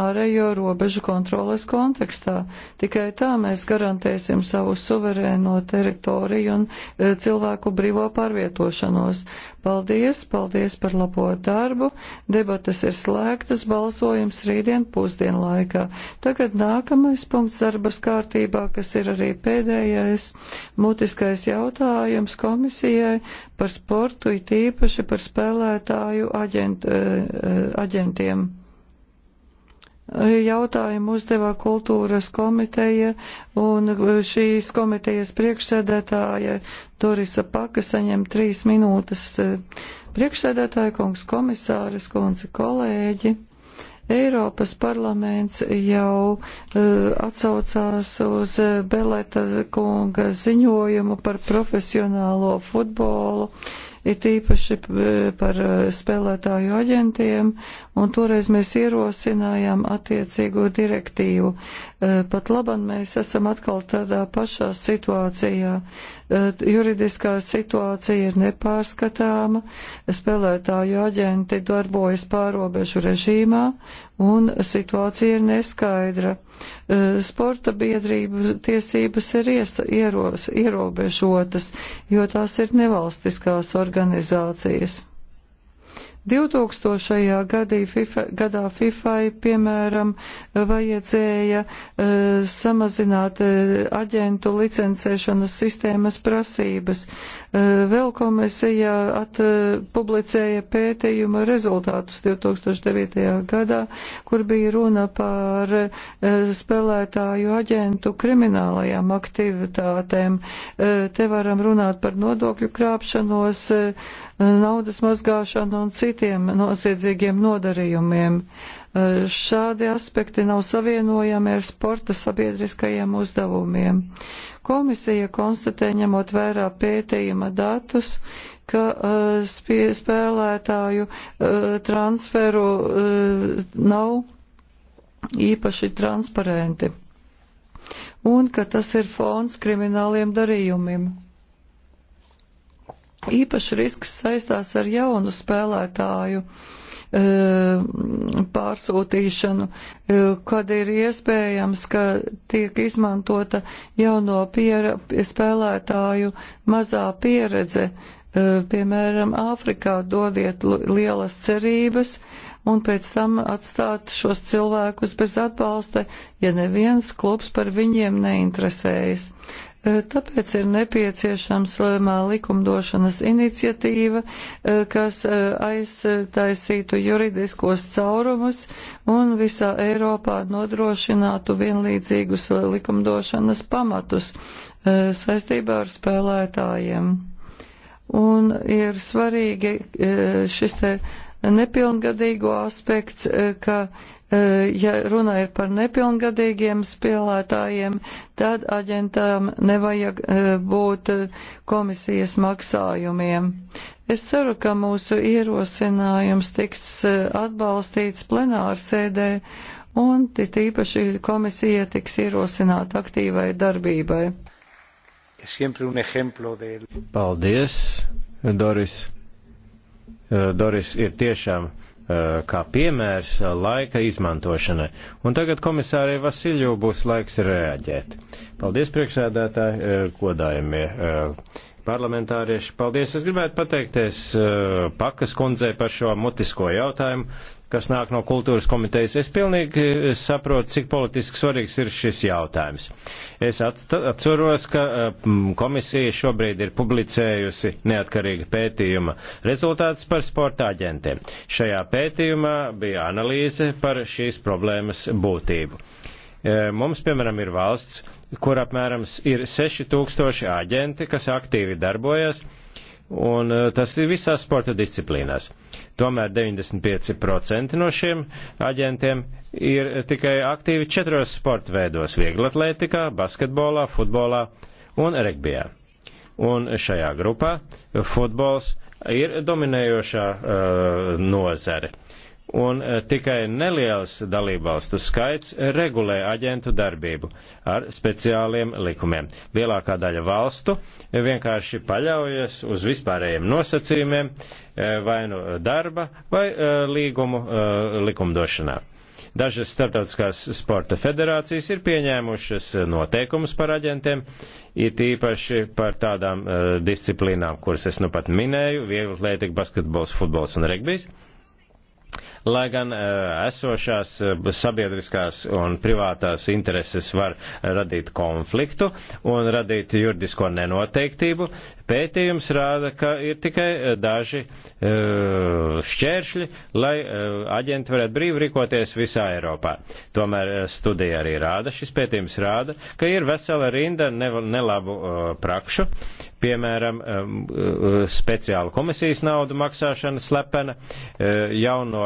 ārējo robežu kontroles kontekstā. Tikai tā mēs garantēsim savu suverēno teritoriju un e, cilvēku brīvo pārvietošanos. Paldies, paldies par labo darbu. Debates ir slēgtas, balsojums rītdien pusdienlaikā. Tagad nākamais punkts darbas kārtībā, kas ir arī pēdējais mutiskais jautājums komisijai par sportu, it īpaši par spēlētāju aģent, e, e aģentiem jautājumu uzdevā kultūras komiteja un šīs komitejas priekšsēdētāja Dorisa Paka saņem trīs minūtes priekšsēdētāja kungs komisāris kundze kolēģi. Eiropas parlaments jau uh, atsaucās uz Beleta kunga ziņojumu par profesionālo futbolu, ir tīpaši par eh, spēlētāju aģentiem, un toreiz mēs ierosinājām attiecīgo direktīvu. Eh, pat labam mēs esam atkal tādā pašā situācijā. Eh, juridiskā situācija ir nepārskatāma, spēlētāju aģenti darbojas pārobežu režīmā un situācija ir neskaidra. Eh, sporta biedrību tiesības ir ieros, ierobežotas, jo tās ir nevalstiskās organizācijas. 2000. Gadī FIFA, gadā FIFAI, piemēram, vajadzēja uh, samazināt uh, aģentu licencēšanas sistēmas prasības. Uh, vēl komisija at, uh, publicēja pētījuma rezultātus 2009. gadā, kur bija runa par uh, spēlētāju aģentu kriminālajām aktivitātēm. Uh, te varam runāt par nodokļu krāpšanos. Uh, naudas mazgāšanu un citiem noziedzīgiem nodarījumiem. Eh, šādi aspekti nav savienojami ar sporta sabiedriskajiem uzdevumiem. Komisija konstatē, ņemot vērā pētījuma datus, ka uh, spēlētāju uh, transferu uh, nav īpaši transparenti un ka tas ir fons krimināliem darījumiem. Īpaši risks saistās ar jaunu spēlētāju e, pārsūtīšanu, e, kad ir iespējams, ka tiek izmantota jauno piera, spēlētāju mazā pieredze. E, piemēram, Āfrikā dodiet lielas cerības, un pēc tam atstāt šos cilvēkus bez atbalsta, ja neviens klubs par viņiem neinteresējas. Eh, tāpēc ir nepieciešams likumdošanas iniciatīva, eh, kas eh, aiztaisītu juridiskos caurumus un visā Eiropā nodrošinātu vienlīdzīgus likumdošanas pamatus saistībā ar spēlētājiem. Un ir svarīgi šis te nepilngadīgo aspekts, ka ja runa ir par nepilngadīgiem spēlētājiem, tad aģentām nevajag būt komisijas maksājumiem. Es ceru, ka mūsu ierosinājums tiks atbalstīts plenārsēdē un it īpaši komisija tiks ierosināta aktīvai darbībai. Paldies, Doris. Doris ir tiešām Uh, kā piemērs uh, laika izmantošanai. Un tagad komisārai Vasilju būs laiks reaģēt. Paldies priekšsēdētāji, uh, godājumie parlamentārieši. Paldies! Es gribētu pateikties eh, Pakas kundzei par šo mutisko jautājumu, kas nāk no kultūras komitejas. Es pilnīgi saprotu, cik politiski svarīgs ir šis jautājums. Es atceros, ka eh, komisija šobrīd ir publicējusi neatkarīga pētījuma rezultātus par sporta aģentiem. Šajā pētījumā bija analīze par šīs problēmas būtību. E, mums, piemēram, ir valsts, kur apmēram ir 6000 aģenti, kas aktīvi darbojas, un e, tas ir visās sporta disciplīnās. Tomēr 95% no šiem aģentiem ir tikai aktīvi četros sporta veidos - vieglatlētikā, basketbolā, futbolā un regbijā. Un šajā grupā futbols ir dominējošā uh, nozare un e, tikai neliels dalībvalstu skaits regulē aģentu darbību ar speciāliem likumiem. Lielākā daļa valstu vienkārši paļaujas uz vispārējiem nosacījumiem e, vai nu darba vai e, līgumu likumdošanā. Dažas starptautiskās sporta federācijas ir pieņēmušas noteikumus par aģentiem, it īpaši par tādām uh, disciplīnām, kuras es nu pat minēju - vieglatlētika, basketbols, futbols un regbijs. Uh, lai gan eh, esošās eh, sabiedriskās un privātās intereses var radīt konfliktu un radīt juridisko nenoteiktību, Pētījums rāda, ka ir tikai e, daži e, šķēršļi, lai e, aģenti varētu brīvi rīkoties visā Eiropā. Tomēr studija arī rāda, šis pētījums rāda, ka ir vesela rinda nelabu prakšu, piemēram, speciāla komisijas naudu maksāšana slepena, jauno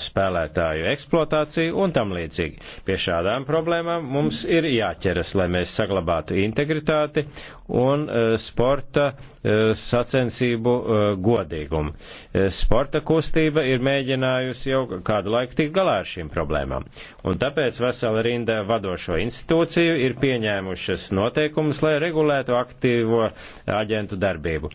spēlētāju eksploatāciju un tam līdzīgi. Pie šādām problēmām mums ir jāķeras, lai mēs saglabātu integritāti un e, sporta e, sacensību e, godīgumu. Sporta kustība ir mēģinājusi jau kādu laiku tikt galā ar šīm problēmām, un tāpēc vesela rinda vadošo institūciju ir pieņēmušas noteikumus, lai regulētu aktīvo aģentu darbību.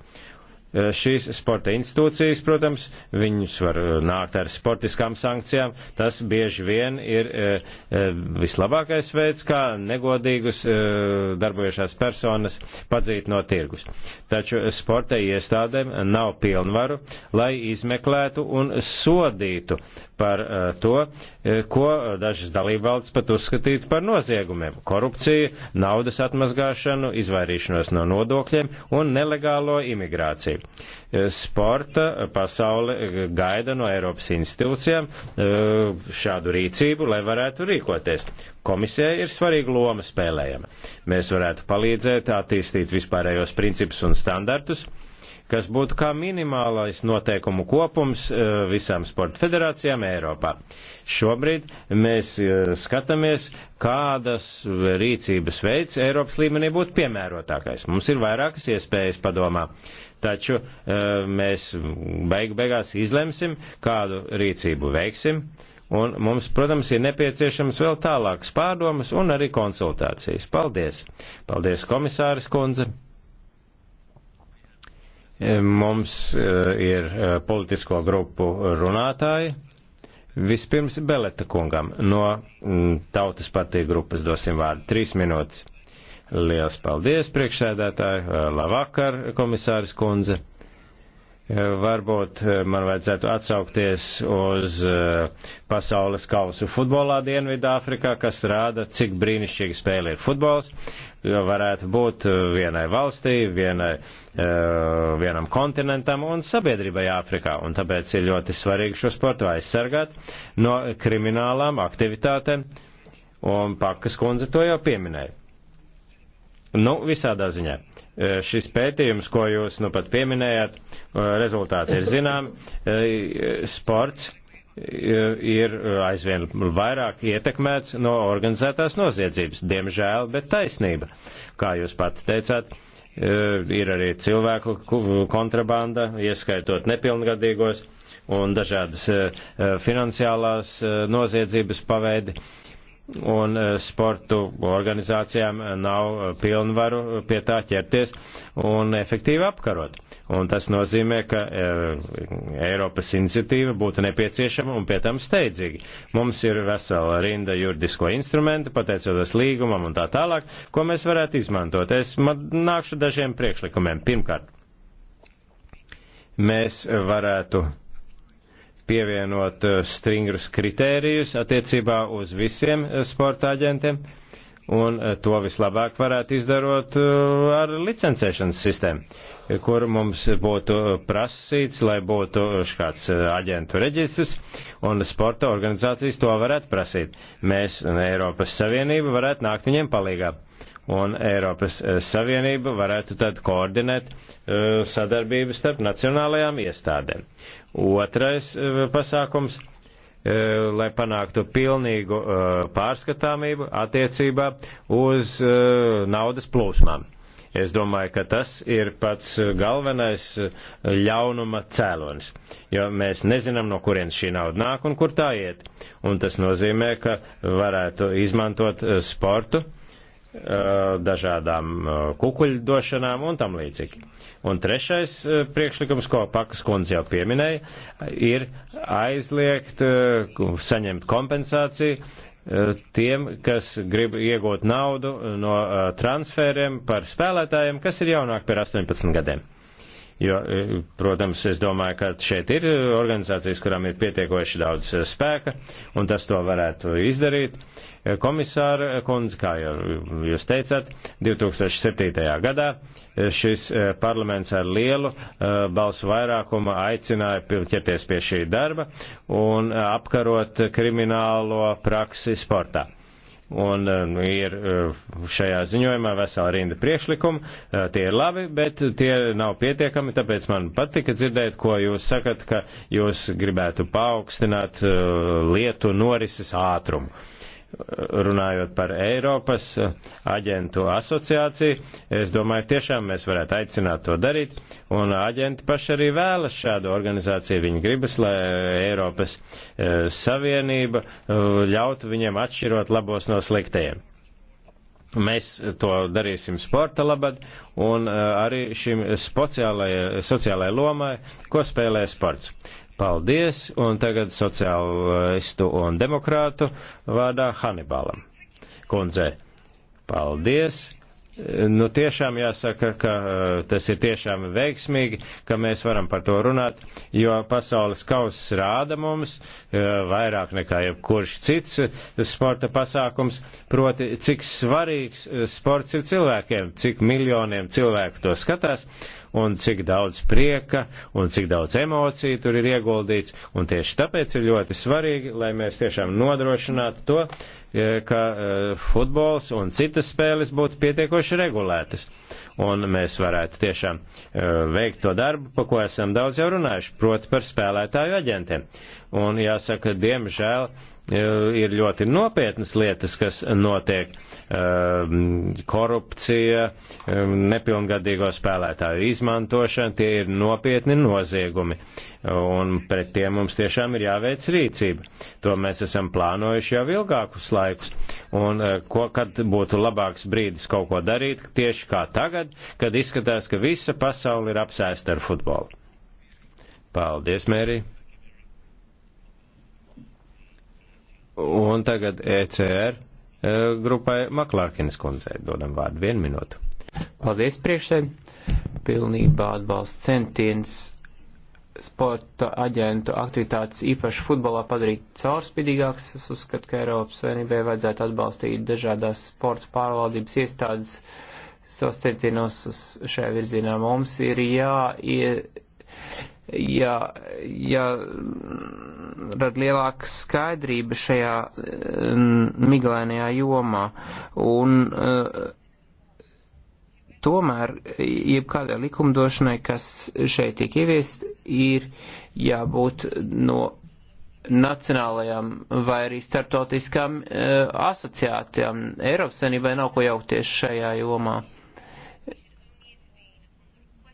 Eh, šīs sporta institūcijas, protams, viņus var eh, nākt ar sportiskām sankcijām. Tas bieži vien ir eh, vislabākais veids, kā negodīgus darbojušās personas padzīt no tirgus. Taču sporta iestādēm nav pilnvaru, lai izmeklētu un sodītu par to, ko dažas dalībvalsts pat uzskatītu par noziegumiem - korupciju, naudas atmazgāšanu, izvairīšanos no nodokļiem un nelegālo imigrāciju līderi. Eh, sporta eh, pasaule eh, gaida no Eiropas institūcijām šādu rīcību, lai varētu rīkoties. Komisijai ir svarīga loma spēlējama. Mēs varētu palīdzēt attīstīt vispārējos principus un standartus kas būtu kā minimālais noteikumu kopums visām sporta federācijām Eiropā. Šobrīd mēs skatāmies, kādas rīcības veids Eiropas līmenī būtu piemērotākais. Mums ir vairākas iespējas padomā taču e, mēs beigu beigās izlemsim, kādu rīcību veiksim, un mums, protams, ir nepieciešams vēl tālākas pārdomas un arī konsultācijas. Paldies! Paldies, komisāris kundze! E, mums e, ir politisko grupu runātāji. Vispirms Beleta kungam no mm, Tautas partija grupas dosim vārdu. Trīs minūtes. Liels paldies, priekšsēdētāji, labvakar, komisāris kundze. Varbūt man vajadzētu atsaukties uz pasaules kausu futbolā Dienvidāfrikā, kas rāda, cik brīnišķīgi spēle ir futbols. Varētu būt vienai valstī, vienai, vienam kontinentam un sabiedrībai Āfrikā. Un tāpēc ir ļoti svarīgi šo sportu aizsargāt no kriminālām aktivitātēm. Un Pakas kundze to jau pieminēja Nu, visādā ziņā. E, šis pētījums, ko jūs nu pat pieminējāt, e, rezultāti ir zinām. E, sports ir aizvien vairāk ietekmēts no organizētās noziedzības. Diemžēl, bet taisnība. Kā jūs pat teicāt, ir arī cilvēku kontrabanda, ieskaitot nepilngadīgos un dažādas finansiālās noziedzības paveidi. Uh, un eh, sportu organizācijām nav pilnvaru pie tā ķerties un efektīvi apkarot. Un tas nozīmē, ka eh, Eiropas iniciatīva būtu nepieciešama un pie tam steidzīgi. Mums ir vesela rinda juridisko instrumentu, pateicoties līgumam un tā tālāk, ko mēs varētu izmantot. Es nākšu dažiem priekšlikumiem. Pirmkārt, mēs varētu pievienot eh, stringrus kritērijus attiecībā uz visiem eh, sporta aģentiem, un eh, to vislabāk varētu izdarot ar licencēšanas sistēmu, kur mums būtu prasīts, lai būtu kāds aģentu reģistrs, un sporta organizācijas to varētu prasīt. Mēs, Eiropas Savienība, varētu nākt viņiem palīgā un Eiropas eh, Savienība varētu tad koordinēt eh, sadarbību starp nacionālajām iestādēm. Otrais eh, pasākums, lai panāktu pilnīgu pārskatāmību attiecībā uz naudas plūsmām. Es domāju, ka tas ir pats galvenais ļaunuma cēlonis, jo mēs nezinām, no kurienes šī nauda nāk un kur tā iet. Un tas nozīmē, ka varētu izmantot sportu, uh, dažādām kukuļdošanām un tam līdzīgi. Un trešais priekšlikums, ko Pakas kundze jau pieminēja, ir aizliegt saņemt kompensāciju tiem, kas grib iegūt naudu no transferiem par spēlētājiem, kas ir jaunāk par 18 gadiem. Jo, e, protams, es domāju, ka šeit ir organizācijas, kurām ir pietiekoši daudz e, spēka, un tas to varētu izdarīt. E, komisāra kundze, kā jau jūs teicāt, 2007. gadā šis parlaments ar lielu balsu vairākumu aicināja ķerties pie šī darba un apkarot kriminālo praksi sportā. Un eh, nu, ir eh, šajā ziņojumā vesela rinda priekšlikumu, eh, tie ir labi, bet tie nav pietiekami, tāpēc man patika dzirdēt, ko jūs sakat, ka jūs gribētu paaugstināt lietu norises ātrumu runājot par Eiropas aģentu asociāciju, es domāju, tiešām mēs varētu aicināt to darīt, un aģenti paši arī vēlas šādu organizāciju. Viņi gribas, lai Eiropas e, Savienība e, ļautu viņiem atšķirot labos no sliktajiem. Mēs to darīsim sporta labad un e, arī šim sociālajai, sociālajai lomai, ko spēlē sports. Paldies, un tagad sociālistu un demokrātu vārdā Hanibalam. Kundze, paldies. Nu, tiešām jāsaka, ka eh, tas ir tiešām veiksmīgi, ka mēs varam par to runāt, jo pasaules kauss rāda mums eh, vairāk nekā jebkurš cits sporta pasākums, proti, cik svarīgs eh, sports ir cilvēkiem, cik miljoniem cilvēku to skatās, un cik daudz prieka un cik daudz emociju tur ir ieguldīts, un tieši tāpēc ir ļoti svarīgi, lai mēs tiešām nodrošinātu to, e, ka e, futbols un citas spēles būtu pietiekoši regulētas. Un mēs varētu tiešām e, veikt to darbu, pa ko esam daudz jau runājuši, proti par spēlētāju aģentiem. Un jāsaka, diemžēl ir ļoti nopietnas lietas, kas notiek. Ehm, korupcija, ehm, nepilngadīgo spēlētāju izmantošana, tie ir nopietni noziegumi. Un pret tiem mums tiešām ir jāveic rīcība. To mēs esam plānojuši jau ilgākus laikus. Un eh, ko, kad būtu labāks brīdis kaut ko darīt, tieši kā tagad, kad izskatās, ka visa pasaule ir apsēsta ar futbolu. Paldies, Mērija! Un tagad ECR e, grupai Maklārkinas kundzei dodam vārdu vienu minūtu. Paldies priekšēd. Pilnībā atbalsts centiens sporta aģentu aktivitātes īpaši futbolā padarīt caurspīdīgākas. Es uzskatu, ka Eiropas Savienībai vajadzētu atbalstīt dažādās sporta pārvaldības iestādes savus centienos uz šajā virzienā. Mums ir jā, jā, jā, jā jārada lielāka skaidrība šajā eh, miglainajā jomā. Un, eh, Tomēr, jebkādai likumdošanai, kas šeit tiek ieviest, ir jābūt no nacionālajām vai arī starptautiskām uh, asociācijām. Eiropas Savienībai nav ko jaukties šajā jomā. Uh,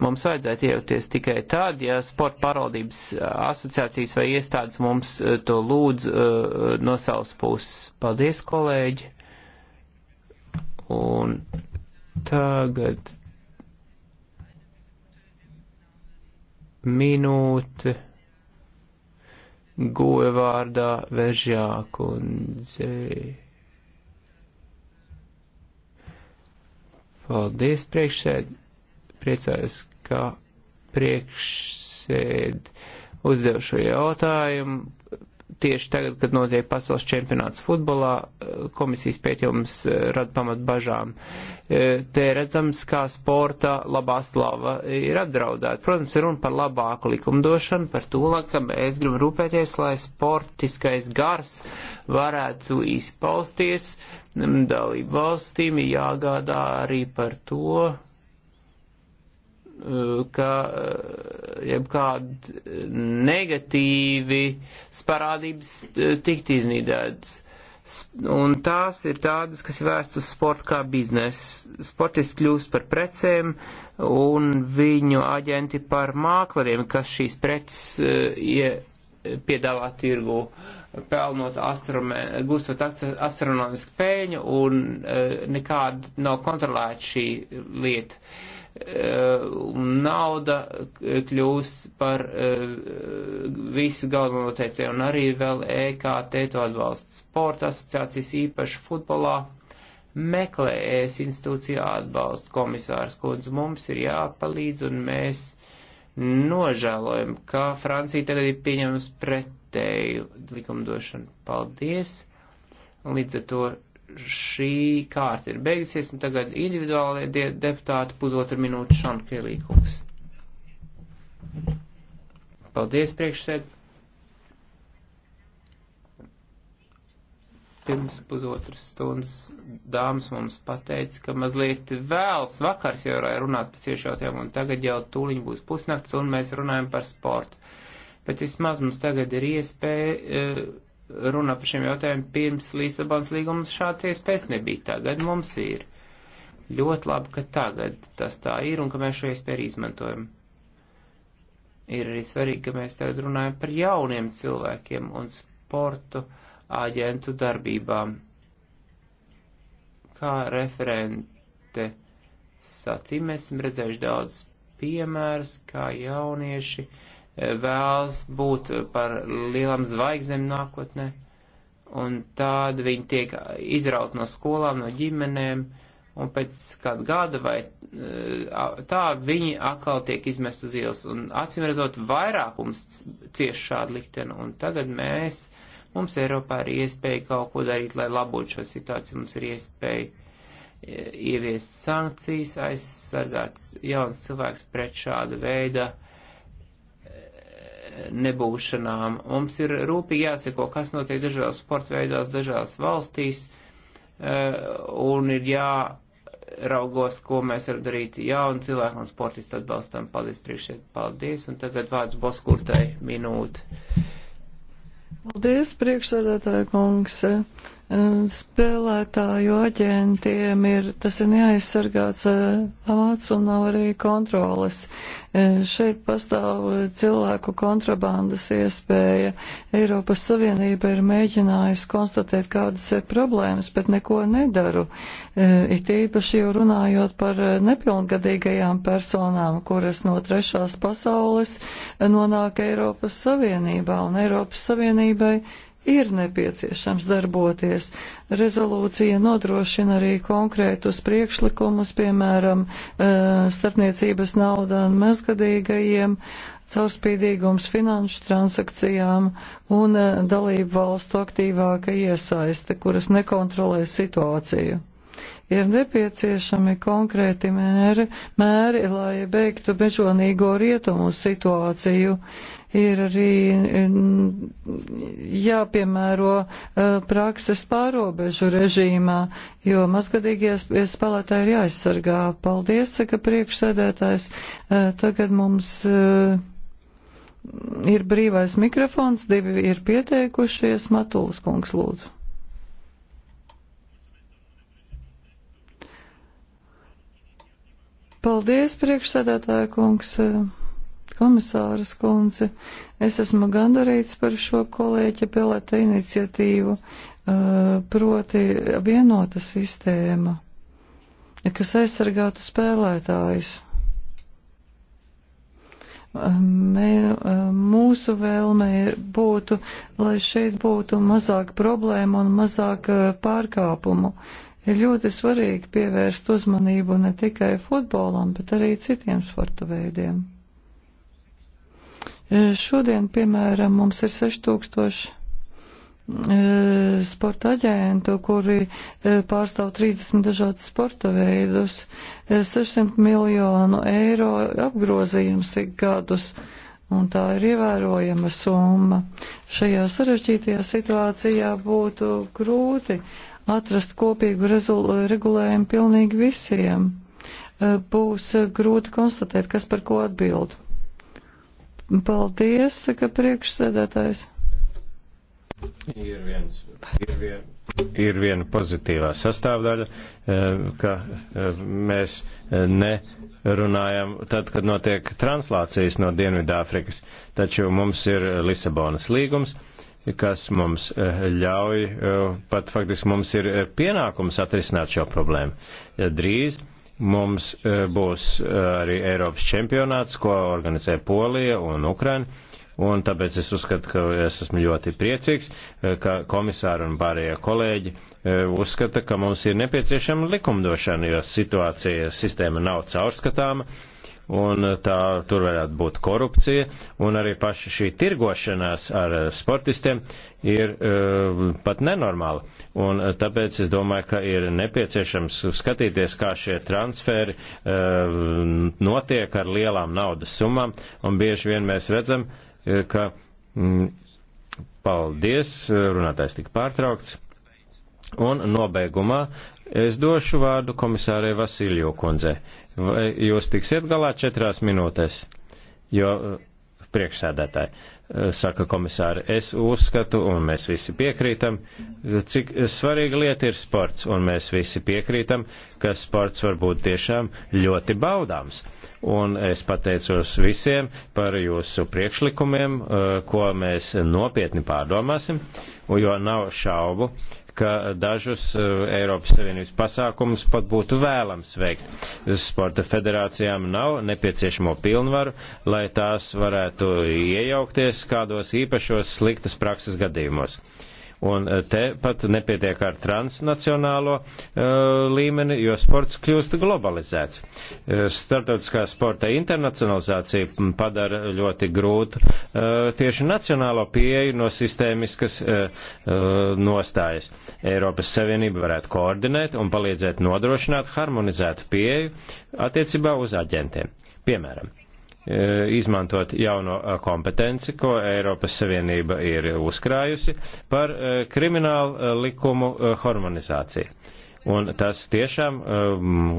mums vajadzētu iejaukties tikai tad, ja sporta pārvaldības eh, asociācijas vai iestādes mums eh, to lūdz uh, no savas puses. Paldies, kolēģi! Un tagad minūte goja vārdā vežjā kundzei. Paldies, priekšsēdētāji! priecājos, ka priekšsēd uzdev šo jautājumu. Tieši tagad, kad notiek pasaules čempionāts futbolā, komisijas pētījums eh, rada pamat bažām. Eh, te redzams, kā sporta labā slava ir apdraudēta. Protams, ir runa par labāku likumdošanu, par to, ka mēs gribam rūpēties, lai sportiskais gars varētu izpausties. Mm, dalību valstīm jāgādā arī par to, ka eh, jebkādi eh, negatīvi parādības eh, tikt iznīdētas. Un tās ir tādas, kas vērsts uz sportu kā biznesu. Sportisti kļūst par precēm un viņu aģenti par mākleriem, kas šīs preces ie, piedāvā tirgu, pelnot astrome, gūstot astronomisku pēļņu un nekāda nav kontrolēta šī lieta. Uh, nauda kļūst par eh, visu galveno noteicēju un arī vēl EKT to atbalsta sporta asociācijas īpaši futbolā meklē ES institūcijā atbalstu komisārs kundze mums ir jāpalīdz un mēs nožēlojam, ka Francija tagad ir pieņemusi pretēju likumdošanu. Paldies! Līdz ar to šī kārta ir beigusies, un tagad individuālie de deputāti pusotru minūtu Šankelīkungs. Paldies, priekšsēd. Pirms pusotras stundas dāmas mums pateica, ka mazliet vēls vakars jau varēja runāt par sieviešautiem, un tagad jau tūliņ būs pusnakts, un mēs runājam par sportu. Bet vismaz mums tagad ir iespēja. Uh, runā par šiem jautājumiem pirms Līsabonas līgums šāds iespējas nebija. Tagad mums ir. Ļoti labi, ka tagad tas tā ir un ka mēs šo iespēju izmantojam. Ir arī svarīgi, ka mēs tagad runājam par jauniem cilvēkiem un sportu āģentu darbībām. Kā referente sacīja, mēs esam redzējuši daudz piemērus, kā jaunieši uh, vēlas būt par lielām zvaigznēm nākotnē, un tāda viņi tiek izraut no skolām, no ģimenēm, un pēc kāda gada vai tā viņi atkal tiek izmest uz ielas, un acīm redzot, vairākums cieš šādu likteni, un tagad mēs, mums Eiropā ir iespēja kaut ko darīt, lai labotu šo situāciju, mums ir iespēja ieviest sankcijas, aizsargāt jauns cilvēks pret šāda veida uh, nebūšanām. Mums ir rūpīgi jāseko, kas notiek dažādās sporta veidās, dažādās valstīs, eh, un ir jāraugos, ko mēs varam darīt jaunu cilvēku un sportistu atbalstam. Paldies, priekšsēd, paldies, un tagad vārds Boskurtai minūte. Paldies, priekšsēdētāja kungs spēlētāju aģentiem ir, tas ir neaizsargāts eh, amats un nav arī kontroles. Eh, šeit pastāv eh, cilvēku kontrabandas iespēja. Eiropas Savienība ir mēģinājusi konstatēt, kādas ir problēmas, bet neko nedaru. It īpaši jau runājot par nepilngadīgajām personām, kuras no trešās pasaules nonāk Eiropas Savienībā un Eiropas Savienībai ir nepieciešams darboties. Rezolūcija nodrošina arī konkrētus priekšlikumus, piemēram, eh, starpniecības naudā un mazgadīgajiem, caurspīdīgums finanšu transakcijām un eh, dalību valstu aktīvāka iesaiste, kuras nekontrolē situāciju. Ir nepieciešami konkrēti mēri, mēri, lai beigtu bežonīgo rietumu situāciju. Ir arī jāpiemēro eh, prakses pārobežu režīmā, jo mazgadīgie spēlētāji ir jāaizsargā. Paldies, saka priekšsēdētājs. Eh, tagad mums eh, ir brīvais mikrofons, divi ir pieteikušies. Matulis kungs, lūdzu. Paldies, priekšsēdētāja kungs komisāras kundze. Es esmu gandarīts par šo kolēķa pilēta iniciatīvu, eh, proti vienota sistēma, kas aizsargātu spēlētājus. Eh, mē, eh, mūsu vēlme būtu, lai šeit būtu mazāk problēmu un mazāk pārkāpumu. Ir ļoti svarīgi pievērst uzmanību ne tikai futbolam, bet arī citiem sporta veidiem. E, šodien, piemēram, mums ir 6000 e, sporta aģentu, kuri e, pārstāv 30 dažādus sporta veidus, 600 miljonu eiro apgrozījums ik gadus, un tā ir ievērojama summa. Šajā sarežģītajā situācijā būtu grūti atrast kopīgu regulējumu pilnīgi visiem. Būs grūti konstatēt, kas par ko atbild. Paldies, saka priekšsēdētājs. Ir, viens, ir, vien, ir viena pozitīvā sastāvdaļa, eh, ka eh, mēs eh, nerunājam tad, kad notiek translācijas no Dienvidāfrikas, taču mums ir Lisabonas līgums, kas mums ļauj, pat faktiski mums ir pienākums atrisināt šo problēmu. Drīz Mums e, būs e, arī Eiropas čempionāts, ko organizē Polija un Ukraina. Un tāpēc es uzskatu, ka es esmu ļoti priecīgs, e, ka komisāri un pārējie kolēģi uzskata, ka mums ir nepieciešama likumdošana, jo situācija sistēma nav caurskatāma un eh, tā tur varētu būt korupcija, un arī paši šī tirgošanās ar eh, sportistiem ir uh, pat nenormāla. Un tāpēc es domāju, ka ir nepieciešams skatīties, kā šie transferi uh, notiek ar lielām naudas summām, un bieži vien mēs redzam, ka. Mm, paldies, runātājs tika pārtraukts. Un nobeigumā es došu vārdu komisārai Vasiljo kundzei. Vai jūs tiksiet galā četrās minūtēs? Jo eh, priekšsēdētāji, eh, saka komisāri, es uzskatu, un mēs visi piekrītam, cik svarīga lieta ir sports, un mēs visi piekrītam, ka sports var būt tiešām ļoti baudāms. Un es pateicos visiem par jūsu priekšlikumiem, eh, ko mēs nopietni pārdomāsim, jo nav šaubu, ka dažus eh, Eiropas Savienības pasākumus pat būtu vēlams veikt. Sporta federācijām nav nepieciešamo pilnvaru, lai tās varētu iejaukties kādos īpašos sliktas prakses gadījumos. Uh, Un eh, te pat nepietiek ar transnacionālo uh, līmeni, jo sports kļūst globalizēts. Eh, Startautiskā sporta internacionalizācija padara ļoti grūtu uh, tieši nacionālo pieeju no sistēmiskas uh, nostājas. Eiropas Savienība varētu koordinēt un palīdzēt nodrošināt harmonizētu pieeju attiecībā uz aģentiem. Piemēram, E, izmantot jauno e, kompetenci, ko Eiropas Savienība ir uzkrājusi par e, kriminālu likumu harmonizāciju. Un tas tiešām eh,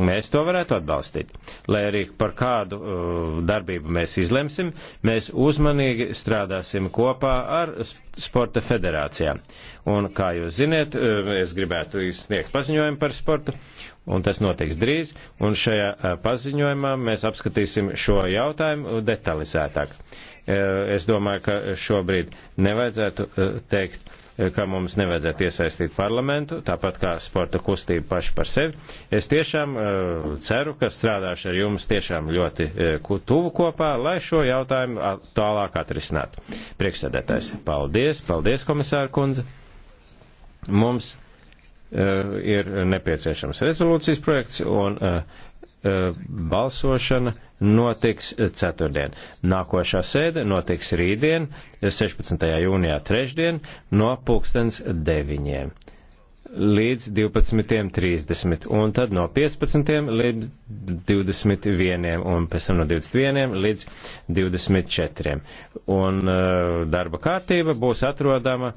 mēs to varētu atbalstīt. Lai arī par kādu eh, darbību mēs izlemsim, mēs uzmanīgi strādāsim kopā ar sporta federācijām. Un, kā jūs ziniet, eh, es gribētu izsniegt paziņojumu par sportu, un tas notiks drīz, un šajā paziņojumā mēs apskatīsim šo jautājumu detalizētāk. Eh, es domāju, ka šobrīd nevajadzētu eh, teikt, eh, ka mums nevajadzētu iesaistīt parlamentu, tāpat kā sporta kustību paši par sevi. Es tiešām ceru, ka strādāšu ar jums tiešām ļoti tuvu kopā, lai šo jautājumu tālāk atrisinātu. Priekšsēdētājs, paldies, paldies, komisāra kundze. Mums ir nepieciešams rezolūcijas projekts, un Eh, balsošana notiks ceturtdien. Nākošā sēde notiks rītdien, 16. jūnijā trešdien, no pulkstens deviņiem līdz 12.30 un tad no 15. līdz 21. un pēc tam no 21. līdz 24. Un uh, darba kārtība būs atrodama.